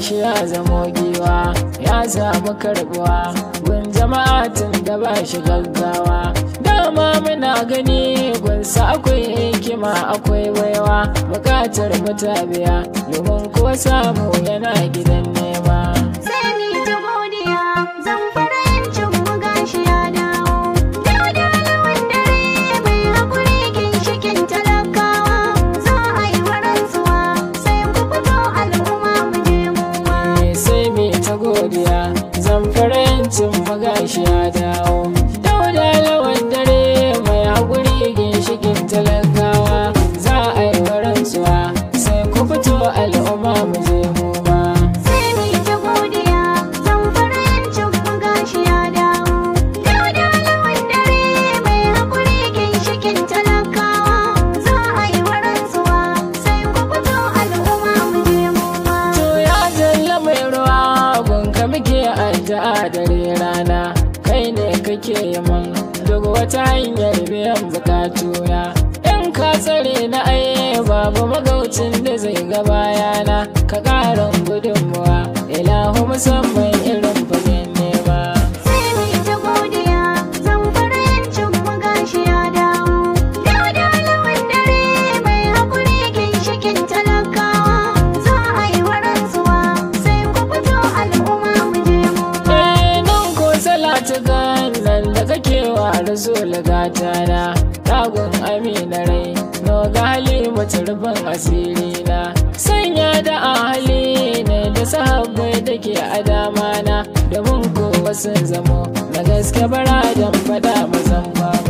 shi ya zamo giwa ya samu karbuwa gun jama'a da ba shi gaggawa dama muna gani gunsa akwai hikima akwai baiwa bukatar mutabiya domin ko samu yana gidan nema biyan bukatuna in ka tsare na aye babu magaucin da zai ga bayana ka ƙarin gudunmuwa ilahu musamman rasul gatana tagun amina rai no gali muturbin asiri na sanya da ahali ne da sahabbai dake a dama na mun kowa sun zamo na gaske bara dan fada mazan baba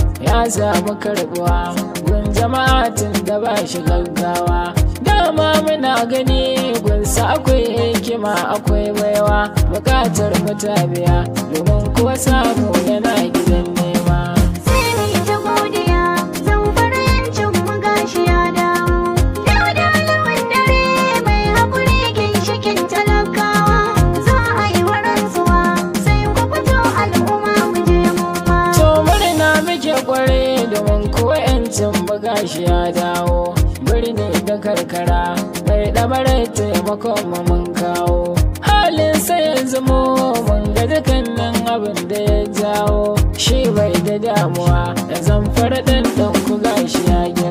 ya samu karbuwa gun jama'atin da ba shi gaggawa dama muna gani gunsa akwai hikima akwai baiwa bukatar mutabiya domin kuwa samu yana gidan tashi ya dawo birni da karkara da ɗabarai taimakon mu mun kawo halin sai yanzu mu mun ga nan abin da ya jawo shi bai da damuwa da zamfara fara dan ku gashi ya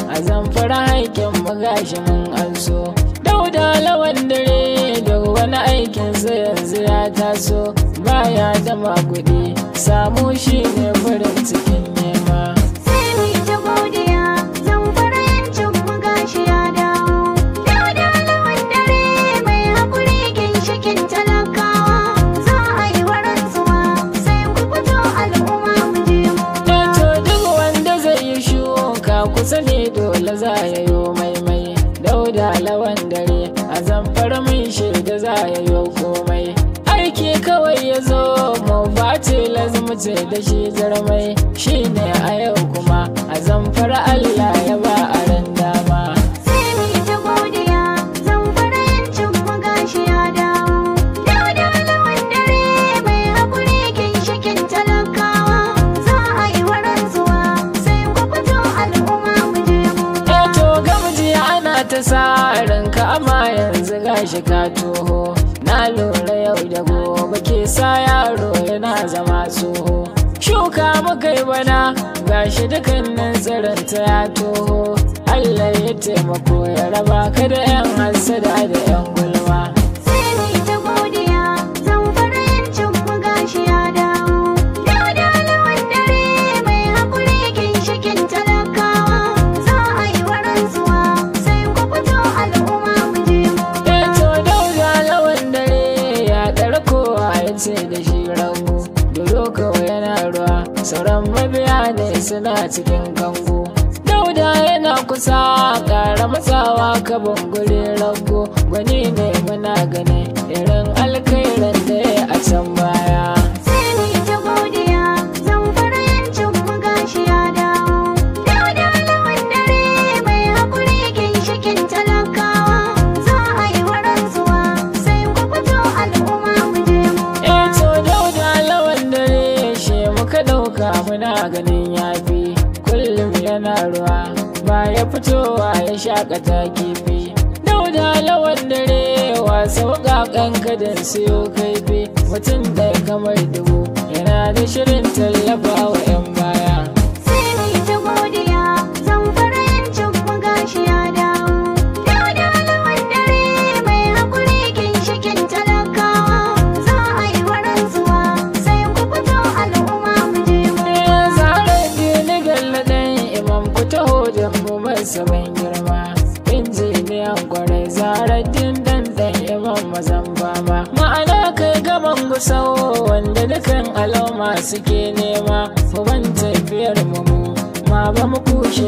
zamfara aikin magashi mun anso dauda lawan dare da wani aikin sa yanzu ya taso baya da kuɗi samu shi ne farin cikin nema sai mu ta godiya zamfara yancin magashi ya dawo dauda lawan dare mai haƙuri ginshikin talakawa za a yi waran zuwa sai ku fito al'umma mu je mu eh, to duk wanda zai yi shuka kusa ne za ya yo maimai dauda lawan dare a zamfar mai shirga za a komai aiki kawai ya zo mu face lazumce da shi zarmai shine a yau kuma a zamfar Allah ya ba a shiga toho na lura yau da gobe ke sa yaro yana zama tsoho shuka muka yi bana gashi dukannin ta ya toho Allah ya taimako ya raba ka da 'yan hansada da 'yan gula ne suna cikin kango dauda yana kusa ƙara matsawa ka bangure rago gwani ne muna gane irin alkairan da a can baya kowa ya shakata kifi dauda lawan dare wasa wakakan kadan siyo kaifi mutum da kamar dubu yana da shirin tallafa wa 'yan suke nema mu ban tafiyar mu ma ba mu kushe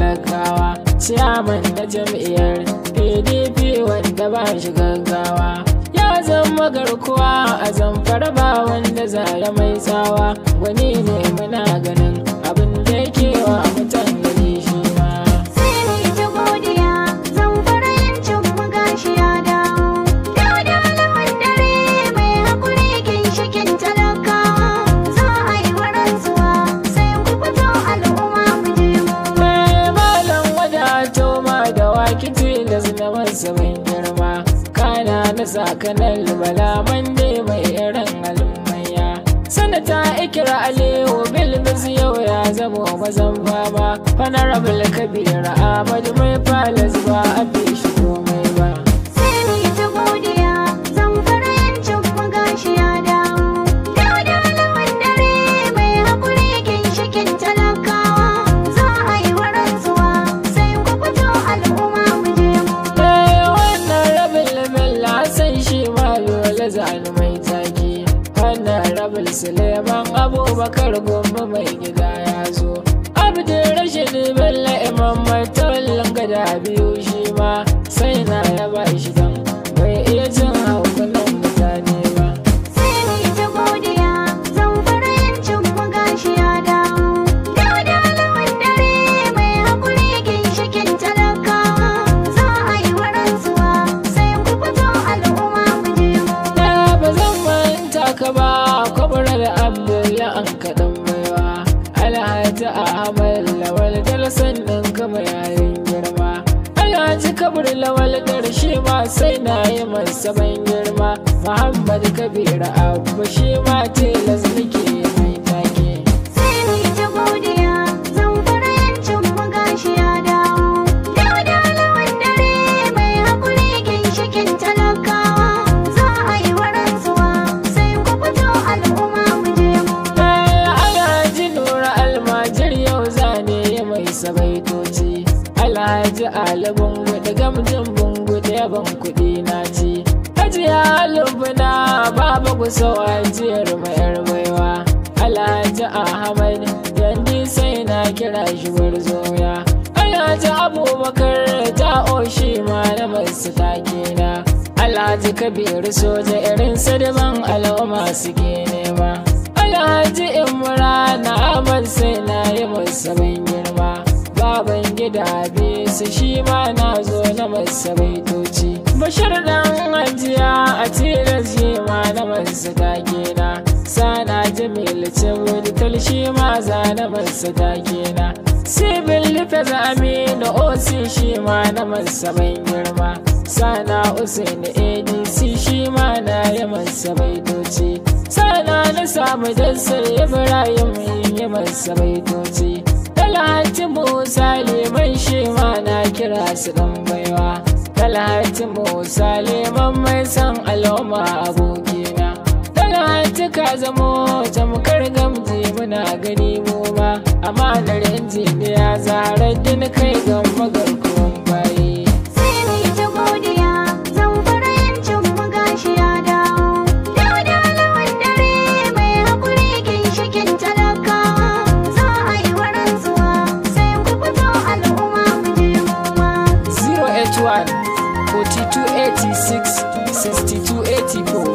ciyaman da jam'iyyar pdp wanda ba shi gaggawa ya zama garkuwa a zamfara ba wanda zara mai sawa wani ne muna ganin sabon girma kana na sakanan bala mande mai irin al'ummaya sanata ikira aliyu bilbis yau ya zamo mazan fama fanarabul kabira amadu mai falas ba a a biyu shi ma sai na ya ba shi zan bai iya cin haukunan mutane ba. Sai ni ta godiya zan fara yancin mu gashi ya dawo. Dauda lawan dare mai haƙuri ginshikin talakawa za a yi waran zuwa sai ku fito al'umma ku je mu. Na ba zan manta ka ba da Abdullahi an kaɗan baiwa. Alhaji Ahmad Lawal Dalsan ɗin kama yayi. na ji kabir lawal ƙarshe ma sai na yi masa ban girma muhammad kabira abu shi ma tilas nake alabun da gamjin bungu da yaban kuɗi na ci. Ajiya lubuna baba ku so ajiyar mayar baiwa. Alhaji Ahmad yanzu sai na kira shi zoya. Alhaji Abubakar ta oshi ma na basu take na. Alhaji Kabiru soja irin sadiban al'umma suke nema. Alhaji Imran Ahmad sai na yi musu girma. baban gidabe su shi ma na zo na masa bashar dan ajiya a tira shi ma na masa na. sana jamil cewul shi ma za na masa takena sibin lufe zami da osi shi ma na masa mai girma sana usain adc shi ma na masa sana na samu jansar ibrahim yi masa baitoci kalahati musa liman shi ma na kira su dan baiwa kalahati musa liman mai san al'umma abokina kalahati ka zamo tamkar gamji muna gani mu ma ne injiniya zarar din kai ga chicos.